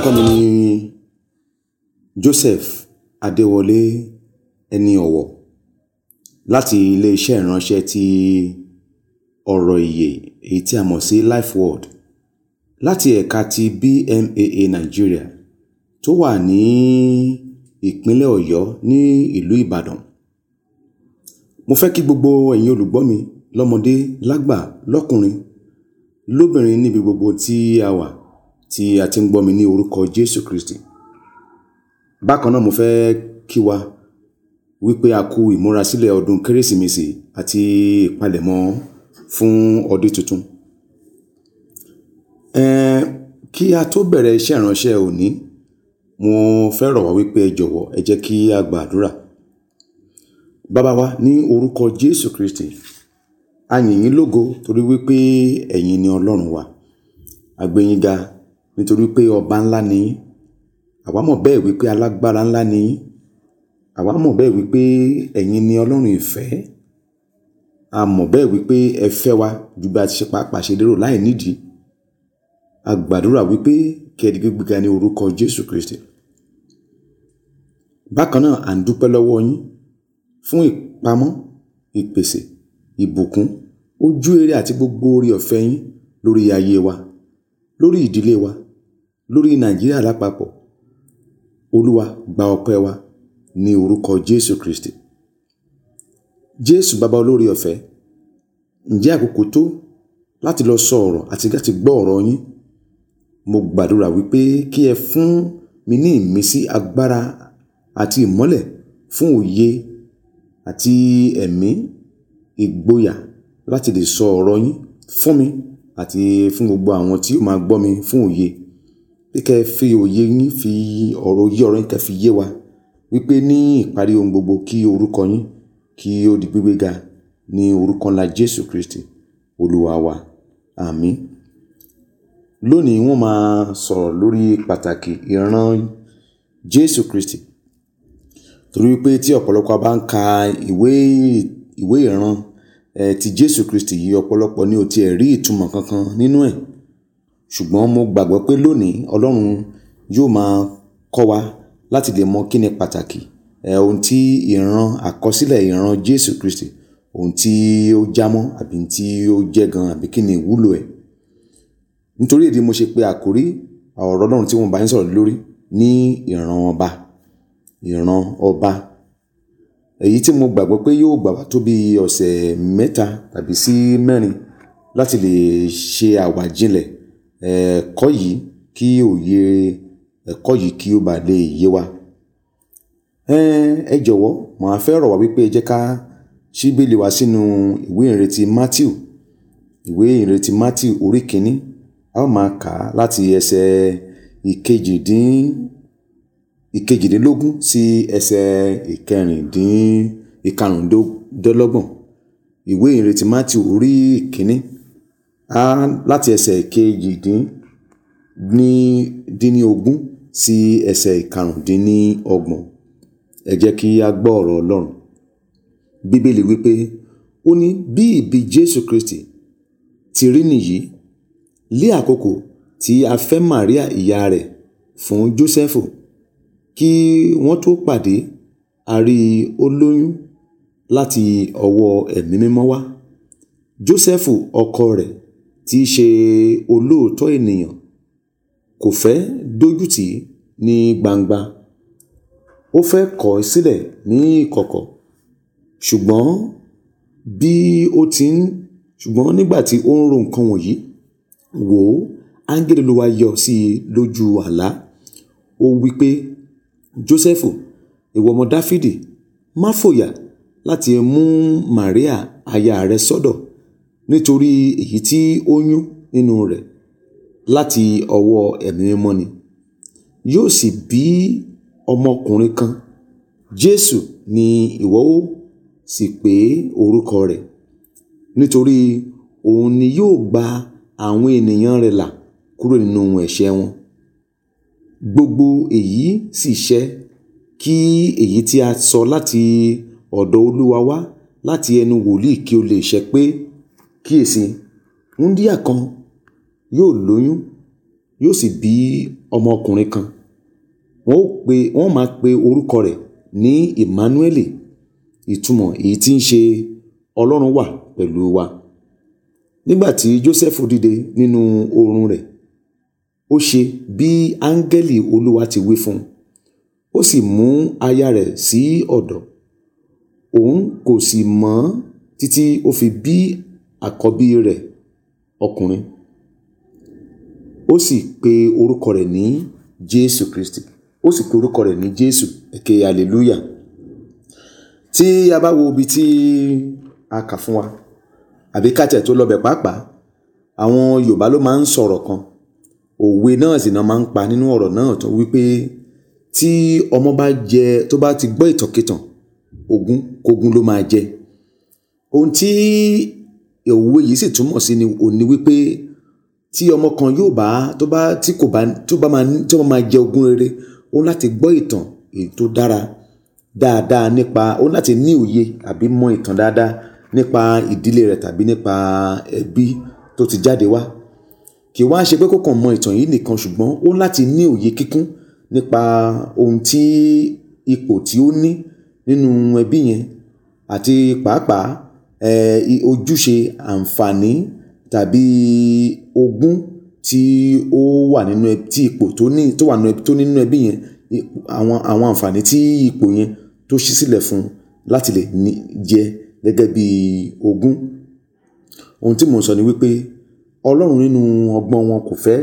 Ìkànnì ni Joseph Adéwọlé ẹni ọ̀wọ̀ láti ilé iṣẹ́ ìránṣẹ́ ti ọ̀rọ̀ ìyè èyí tí a mọ̀ sí Life Word láti ẹ̀ka ti BMAA Nigeria tó wà ní ìpínlẹ̀ Ọ̀yọ́ ní ìlú Ìbàdàn. Mo fẹ́ kí gbogbo ẹ̀yin olùgbọ́ mi lọ́mọdé lágbà lọ́kùnrin lóbìnrin níbi gbogbo tí a wà tí a ti ń gbọ́ mi ní orúkọ Jésù Kristi. Bákan náà mo fẹ́ kí wa wípé a kú ìmúrasílẹ̀ ọdún Kérésìmesì àti ìpalẹ̀mọ́ fún ọdún tuntun. Ẹn kí a tó bẹ̀rẹ̀ iṣẹ́ ìránṣẹ́ òní, mo fẹ́ rọ̀ wá wípé ẹ jọ̀wọ́ ẹ jẹ́ kí a gba Bàbá wa ní orúkọ Jésù Kristi, a yìn yín lógo torí wípé ẹ̀yin ni Ọlọ́run wa. A ga nítorí pé ọba ńlá ni yín àwa mọ̀ bẹ́ẹ̀ wípé alágbára ńlá ni àwa mọ̀ bẹ́ẹ̀ wípé ẹ̀yin ni ọlọ́run ìfẹ́ a mọ̀ bẹ́ẹ̀ wípé ẹ fẹ́ wa ju bí a ti ṣe pàápàá ṣe lérò láì nídìí a gbàdúrà wípé kí ẹ di gbígbéga ní orúkọ Jésù Kristi bákan náà à ń dúpẹ́ lọ́wọ́ yín fún ìpamọ́ ìpèsè ìbùkún ojú èrè àti gbogbo oore ọ̀fẹ́ yín lórí ayé wa lórí ìdílé wa lórí nàìjíríà lápapọ̀ olúwa gba ọpẹ́ wa ní orúkọ jésù kristi jésù bàbá olórí ọ̀fẹ́ ǹjẹ́ àkókò tó láti lọ sọ ọ̀rọ̀ àti láti gbọ́ ọ̀rọ̀ yín mo gbàdúrà wípé kí ẹ fún mi ní ìmísí agbára àti ìmọ́lẹ̀ fún òye àti ẹ̀mí ìgboyà láti lè sọ ọ̀rọ̀ yín fún mi àti fún gbogbo àwọn tí ó máa gbọ́ mi fún òye pé kẹ́ ẹ fi òye yín fi ọ̀rọ̀ yé ọ̀rọ̀ yín kẹ́ fi yé wa wípé ní ìparí ohun gbogbo kí orúkọ yín kí ó di gbígbé ga ní orúkọ ńlá Jésù Kristi olúwa wa àmín lónìí wọ́n máa sọ̀rọ̀ lórí pàtàkì ìran Jésù Kristi torí wípé tí ọ̀pọ̀lọpọ̀ bá ń ka ìwé ìwé ìran eh, ti Jésù Kristi yìí ọ̀pọ̀lọpọ̀ ni ò tiẹ̀ rí ìtumọ̀ kankan nínú ẹ̀ Ṣùgbọ́n mo gbàgbọ́ pé lónìí Ọlọ́run yóò máa kọ́ wa láti lè mọ kíni pàtàkì, ẹ, ohun tí ìran àkọsílẹ̀ ìran Jésù Kristi, ohun tí ó jámọ́ àbí ohun tí ó jẹ́ gan àbí kíni ìwúlò ẹ̀. Nítorí èyí mo ṣe pé àkórí ọ̀rọ̀ Ọlọ́run tí mo ń bá yín sọ̀rọ̀ lórí ní ìran ọba, ìran ọba. Èyí tí mo gbàgbọ́ pé yóò gbà wá tó bí ọ̀sẹ̀ mẹ́ta tàbí sí mẹ́rin láti lè ṣe àwàjinlẹ̀ ẹ̀kọ́ yìí kí òye ẹ̀kọ́ yìí kí ó ba lè yé wa. Ẹ jọ̀wọ́ màá fẹ́ rọ̀ wá wípé ẹ jẹ́ ká ṣí bíbélì wa sínú ìwé ìrètí Matthew ìwé ìrètí Matthew orí kìíní a ó máa kà á láti ẹsẹ̀ ìkejìdínlógún sí ẹsẹ̀ ìkẹrìndín ìwé ìrètí Matthew orí kìíní á láti ẹsẹ̀ kejìdínlógún sí ẹsẹ̀ ìkarùndínlọ́gbọ̀n ẹ jẹ́ kí a gbọ́ ọ̀rọ̀ ọlọ́run bíbélì wípé ó ní bí ìbí jésù kristi ti rí nìyí lé àkókò tí a fẹ́ maria ìyá rẹ̀ fún jósẹ́fù kí wọ́n tó pàdé a rí olóyún láti ọwọ́ ẹ̀mí mímọ́ wá jósẹ́fù ọkọ rẹ̀ tí í ṣe olóòótọ́ ènìyàn kò fẹ́ dójútì ní gbangba ó fẹ́ kọ̀ ọ́ sílẹ̀ ní ìkọ̀kọ̀ ṣùgbọ́n bí ó ti ń ṣùgbọ́n nígbà tí ó ń ro nǹkan wọ̀nyí wò ó áńgẹ́lì Olúwa yọ sí i lójú àlá ó wí pé Jósẹ́fù ìwọ ọmọ Dáfídì má fòyà láti mú Màríà aya rẹ sọ́dọ̀ nítorí èyí tí ó yún nínú rẹ̀ láti ọwọ́ ẹ̀mí mímọ́ ni yóò sì bí ọmọkùnrin kan jésù ni ìwọ ó sì pé orúkọ rẹ̀ nítorí òun ni yóò gba àwọn ènìyàn rẹ̀ là kúrò nínú ẹ̀ṣẹ̀ wọn gbogbo èyí sì ṣẹ kí èyí tí a sọ láti ọ̀dọ̀ olúwa wá láti ẹnu wòlíì kí ó lè ṣẹ pé kíyèsí wúńdíá kan yóò lóyún yóò sì bí ọmọkùnrin kan wọn ó pe wọn ó máa pe orúkọ rẹ̀ ní emmanueli ìtumọ̀ èyí tí ń ṣe ọlọ́run wà pẹ̀lú wa nígbà tí joseph dìde nínú oorun rẹ̀ ó ṣe bí áńgẹ́lì olúwa ti wí fún un ó sì mú aya rẹ̀ sí ọ̀dọ̀ òun kò sì mọ̀ títí ó fi bí àkọ́bí rẹ̀ ọkùnrin ó sì pe orúkọ rẹ̀ ní Jésù Kristi ó sì pe orúkọ rẹ̀ ní Jésù èké hallelujah tí a bá wo ibi tí a kà fún wa àbí kàtẹ́ tó lọ́bẹ̀ pàápàá àwọn Yorùbá ló máa ń sọ̀rọ̀ kan òwe náà sì náà máa ń pa nínú ọ̀rọ̀ náà tó wípé tí ọmọ bá jẹ tó bá ti gbọ́ ìtànkìtàn ogún kógún ló máa jẹ ohun tí òwe yìí sì túmọ̀ sí ni òní wípé tí ọmọ kan yóò bá tó bá tí kò bá tó bá máa tí ọmọ máa jẹ ogún rere ó láti gbọ́ ìtàn èyí tó dára dáadáa nípa ó láti ní òye àbí mọ ìtàn dáadáa nípa ìdílé rẹ̀ tàbí nípa ẹbí tó ti jáde wá kì wá ṣe pé kó kàn mọ ìtàn yìí nìkan ṣùgbọ́n ó láti ní òye kíkún nípa ohun tí ipò tí ó ní nínú ẹbí yẹn àti pàápàá ojúṣe àǹfààní tàbí ogún tí ó wà nínú ẹbí tí ipò tó ní tó wà nínú ẹbí tó ní nínú ẹbí yẹn àwọn àwọn àǹfààní tí ipò yẹn tó ṣí sílẹ̀ fún láti lè ní jẹ gẹ́gẹ́ bí ogún. Ohun tí mò ń sọ ni wípé Ọlọ́run nínú ọgbọ́n wọn kò fẹ́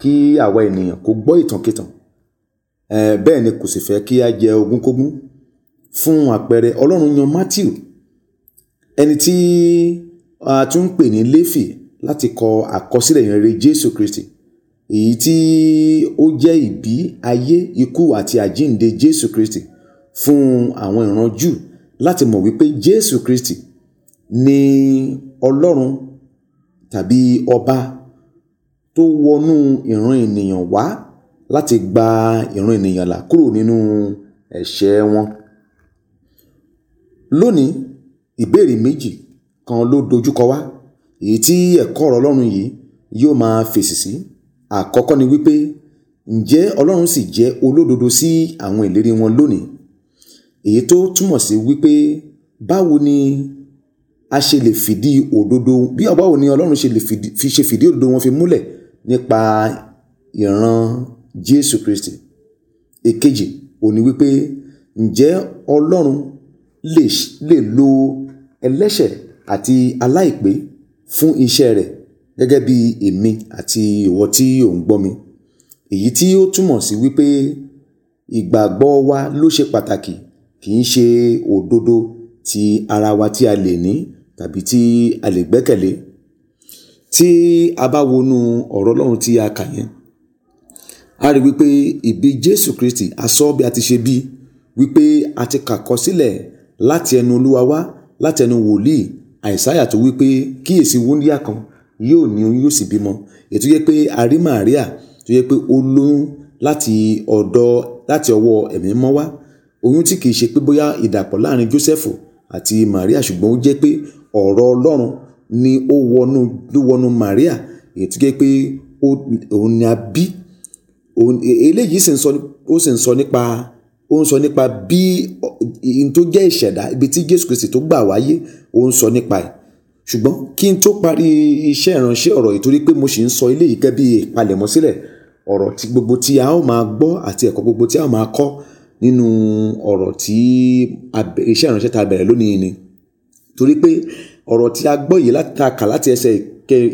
kí àwa ènìyàn kó gbọ́ ìtànkítàn bẹ́ẹ̀ ni kò sì fẹ́ kí á jẹ ogúnkógún fún àpẹẹrẹ Ọlọ́run yan Matthew ẹni tí a tún ń pè ní Léfì láti kọ àkọsílẹ̀ ìrere Jésù Kristi èyí tí ó jẹ́ ìbí ayé ikú àti àjíǹde Jésù Kristi fún àwọn ìran jù láti mọ̀ wípé Jésù Kristi ni Ọlọ́run tàbí ọba tó wọnú ìran ènìyàn wá láti gba ìran ènìyàn là kúrò nínú ẹ̀ṣẹ̀ wọn. lónìí ìbéèrè méjì kan ló dojúkọ wá èyí tí ẹ̀kọ́ ọ̀rọ̀ ọlọ́run yìí yóò máa fèsì sí àkọ́kọ́ ni wípé ǹjẹ́ ọlọ́run sì jẹ́ olódodo sí àwọn ìlérí wọn lónìí èyí tó túmọ̀ sí wípé báwo ni a ṣe lè fìdí òdodo bí báwo ni ọlọ́run ṣe lè fi ṣe fìdí òdodo wọn fi múlẹ̀ nípa ìran jésù kristi èkejì òní wípé ǹjẹ́ ọlọ́run lè lo ẹlẹ́ṣẹ̀ àti aláìpé fún iṣẹ́ rẹ̀ gẹ́gẹ́ bí èmi àti ìwọ tí ò ń gbọ́ mi èyí tí ó túmọ̀ sí wípé ìgbàgbọ́ wa ló ṣe pàtàkì kì í ṣe òdodo ti ara wa tí a lè ní tàbí tí a lè gbẹ́kẹ̀lé tí a bá wọnú ọ̀rọ̀ Ọlọ́run tí a kà yẹn a rí wípé ìbí Jésù Kristi a sọ bí a ti ṣe bí wípé a ti kàkọ sílẹ̀ láti ẹnu Olúwa wá látẹnu wòlíì àìsáyà tó wí pé kíyèsí wúńdíá kan yóò ní oyún yóò sì bímọ ètò yẹ pé arí màríà tó yẹ pé ó lóyún láti ọ̀dọ̀ láti ọwọ́ ẹ̀mí mọ́ wá oyún tí kìí ṣe pé bóyá ìdàpọ̀ láàrin Jósẹ́fù àti Màríà ṣùgbọ́n ó jẹ́ pé ọ̀rọ̀ Ọlọ́run ni ó wọnú ló wọnú Màríà ètò yẹ pé òun ni a bí eléyìí ó sì ń sọ nípa ó ń sọ nípa bí n tó jẹ́ ìṣẹ̀dá ibi tí Jésù Kristi tó gbà wáyé ó ń sọ nípa ẹ̀ ṣùgbọ́n kí n tó parí iṣẹ́ ìránṣẹ́ ọ̀rọ̀ yìí torí pé mo sì ń sọ ilé yìí gẹ́gẹ́ bí ìpalẹ̀mọ́ ọ̀rọ̀ tí gbogbo tí a ó máa gbọ́ àti ẹ̀kọ́ gbogbo tí a ó máa kọ́ nínú ọ̀rọ̀ tí iṣẹ́ ìránṣẹ́ tá bẹ̀rẹ̀ lónìí ni torí pé ọ̀rọ̀ tí a gbọ́ yìí láti ta kà láti ẹsẹ̀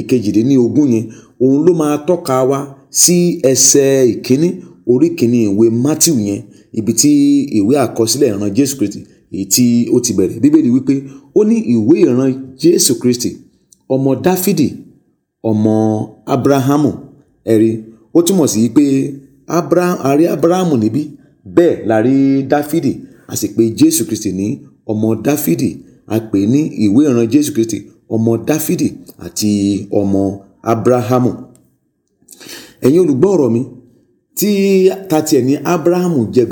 ìkejìdínlógún yẹn òun ló máa tọ́ka wa sí ẹsẹ̀ ìkíní orí kìíní ìwé Matthew yẹn ibi tí ìwé àkọsílẹ̀ ìran Jésù Kristi èyí tí ó ti bẹ̀rẹ̀ bíbélì wípé ó ní ìwé ìran Jésù Kristi ọmọ Dáfídì ọmọ Ábúráhámù ẹ̀rí ó túmọ̀ sí pé a rí Ábúráhámù níbí bẹ́ẹ̀ la rí Dáfídì a sì pè Jésù Kristi ní ọmọ Dáfídì a pè ní ìwé ìran Jésù Kristi ọmọ Dáfídì àti ọmọ Ábúráhámù ẹ̀yin olùgbọ́ ọ̀rọ̀ mi tí tati ní abrahamu jẹ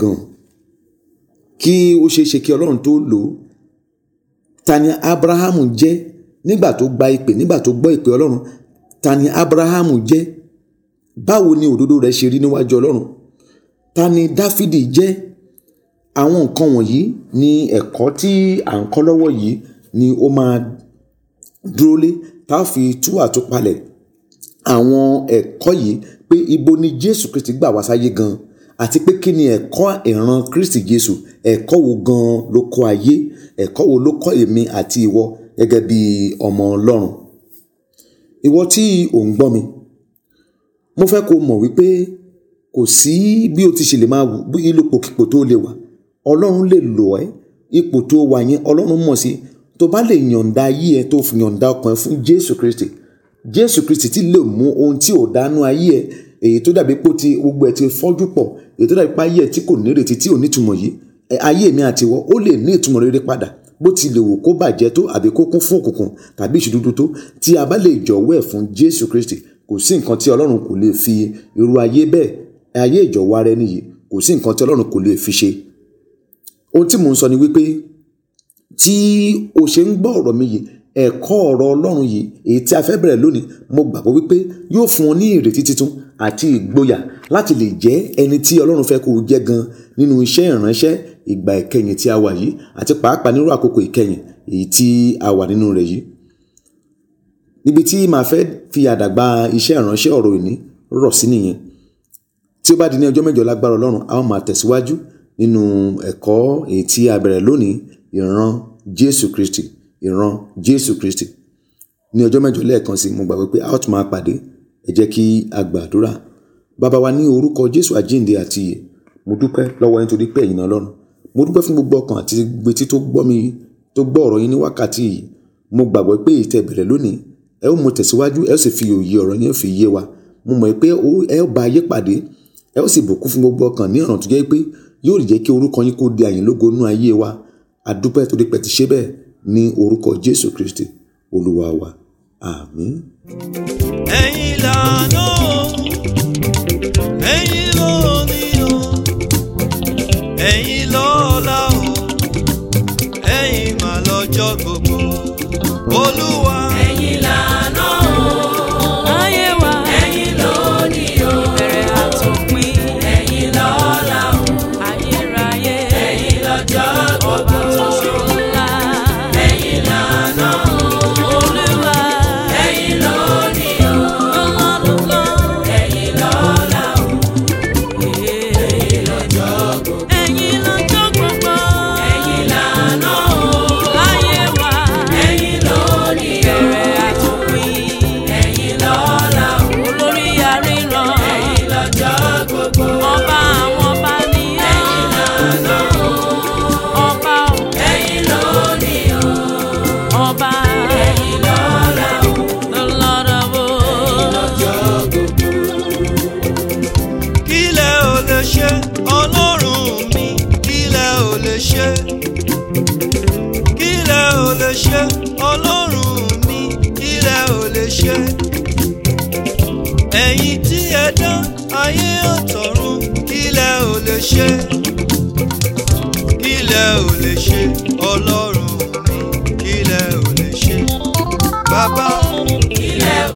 kí ó ṣeé ṣe kí ọlọ́run tó lò ó ta ni abrahamu jẹ́ nígbà tó gba ìpè nígbà tó gbọ́ ìpè ọlọ́run ta ni abrahamu jẹ́ báwo ni òdodo rẹ̀ ṣe rí níwájú ọlọ́run ta ni dáfídì jẹ́ àwọn nǹkan wọ̀nyí ni ẹ̀kọ́ tí à ń kọ́ lọ́wọ́ yìí ni ó máa dúró lé tá a fi tú àtúpalẹ̀ àwọn ẹ̀kọ́ yìí pé ibo ni Jésù Kristi gbà wá sáyé gan àti pé kí ni ẹ̀kọ́ ìran Kristi Jésù ẹ̀kọ́ wo gan ló kọ́ ayé ẹ̀kọ́ wo ló kọ́ èmi àti ìwọ gẹ́gẹ́ bí ọmọ Ọlọ́run ìwọ tí ò ń gbọ́ mi mo fẹ́ kó mọ̀ wípé kò sí bí o ti ṣe lè máa wù bí ipòkípò tó lè wà ọlọ́run lè lò ẹ́ ipò tó wà yẹn ọlọ́run mọ̀ sí tó bá lè yọ̀ǹda ayé ẹ tó yọ̀ǹda ọkàn ẹ fún jésù kristi jésù kristi ti lè mú ohun tí ò dánú ayé ẹ èyí tó dàbí pé ti gbogbo ẹ ti fọ́jú pọ̀ èyí tó dàbí pé ayé ẹ tí kò nírètí tí ò nítumọ̀ yìí ayé mi àti wọ́ ó lè ní ìtumọ̀ rere padà bó ti lè wò kó bàjẹ́ tó àbí kó kún fún òkùnkùn tàbí ìṣúdúdú tó tí a bá lè jọ̀wọ́ ẹ̀ fún jésù kristi kò sí nǹkan tí ọlọ́run kò lè fi irú ayé bẹ́ẹ̀ ayé ìjọ̀wọ́ ara ẹni yìí kò sí nǹkan tí ọlọ́run kò lè fi ṣe ohun tí mò ń sọ ni wípé tí o ṣe ń gbọ́ ọ̀rọ̀ mi yìí ẹ̀kọ́ ọ̀rọ̀ Ọlọ́run yìí èyí tí a fẹ́ bẹ̀rẹ̀ lónìí mo gbàgbọ́ wípé yóò fún ọ ní ìrètí titun àti ìgboyà láti lè jẹ́ ẹni tí Ọlọ́run fẹ́ kó o jẹ́ gan nínú iṣẹ́ ìránṣẹ́ ìgbà ìkẹyìn tí a wà yìí àti pàápàá nírú àkókò ìkẹyìn èyí tí a wà nínú rẹ̀ yìí. níbi tí màá fẹ́ fi àdàgbà iṣẹ́ ìránṣẹ́ ọ̀rọ̀ òní rọ̀ sí nìyẹn tí ó bá di ní ọjọ́ mẹ́jọ lágbára Ọlọ́run a ó máa tẹ̀síwájú nínú ẹ̀kọ́ èyí tí a bẹ̀rẹ̀ lónìí ìran Jésù Kristi ìran jésù kristi ní ọjọ́ mẹ́jọ lẹ́ẹ̀kan sí mo gbàgbọ́ pé a ó tún máa pàdé ẹ jẹ́ kí a gbàdúrà bàbá wa ní orúkọ jésù àjíǹde àti ìyè mo dúpẹ́ lọ́wọ́ yín torí pé ẹ̀yin náà lọ́rùn mo dúpẹ́ fún gbogbo ọkàn àti gbetí tó gbọ́ mi tó gbọ́ ọ̀rọ̀ yín ní wákàtí yìí mo gbàgbọ́ pé ìtẹ́ bẹ̀rẹ̀ lónìí ẹ ó mo tẹ̀síwájú ẹ ó sì fi òye ọ̀rọ̀ yín fi yé wa mo mọ̀ pé ẹ ó bá ayé pàdé ẹ ó sì bùkún fún gbogbo ọkàn ní ọ̀ràn tó jẹ́ pé yóò jẹ́ kí orúkọ yín kó di àyìnlógo nú ayé wa a torí pé ti ṣe bẹ́ẹ̀ ní orúkọ jésù kristi olúwa wa àmín. ẹ̀yin lànà ẹ̀yin lónìí ẹ̀yin lọ́la o ẹ̀yin mà lọ́jọ́ gbogbo. ṣe kílẹ̀ ò lè ṣe ọlọ́run mi kílẹ̀ ò lè ṣe ẹ̀yin tí ẹ dán ayé ọ̀tọ̀run kílẹ̀ ò lè ṣe kílẹ̀ ò lè ṣe ọlọ́run mi kílẹ̀ ò lè ṣe bàbá.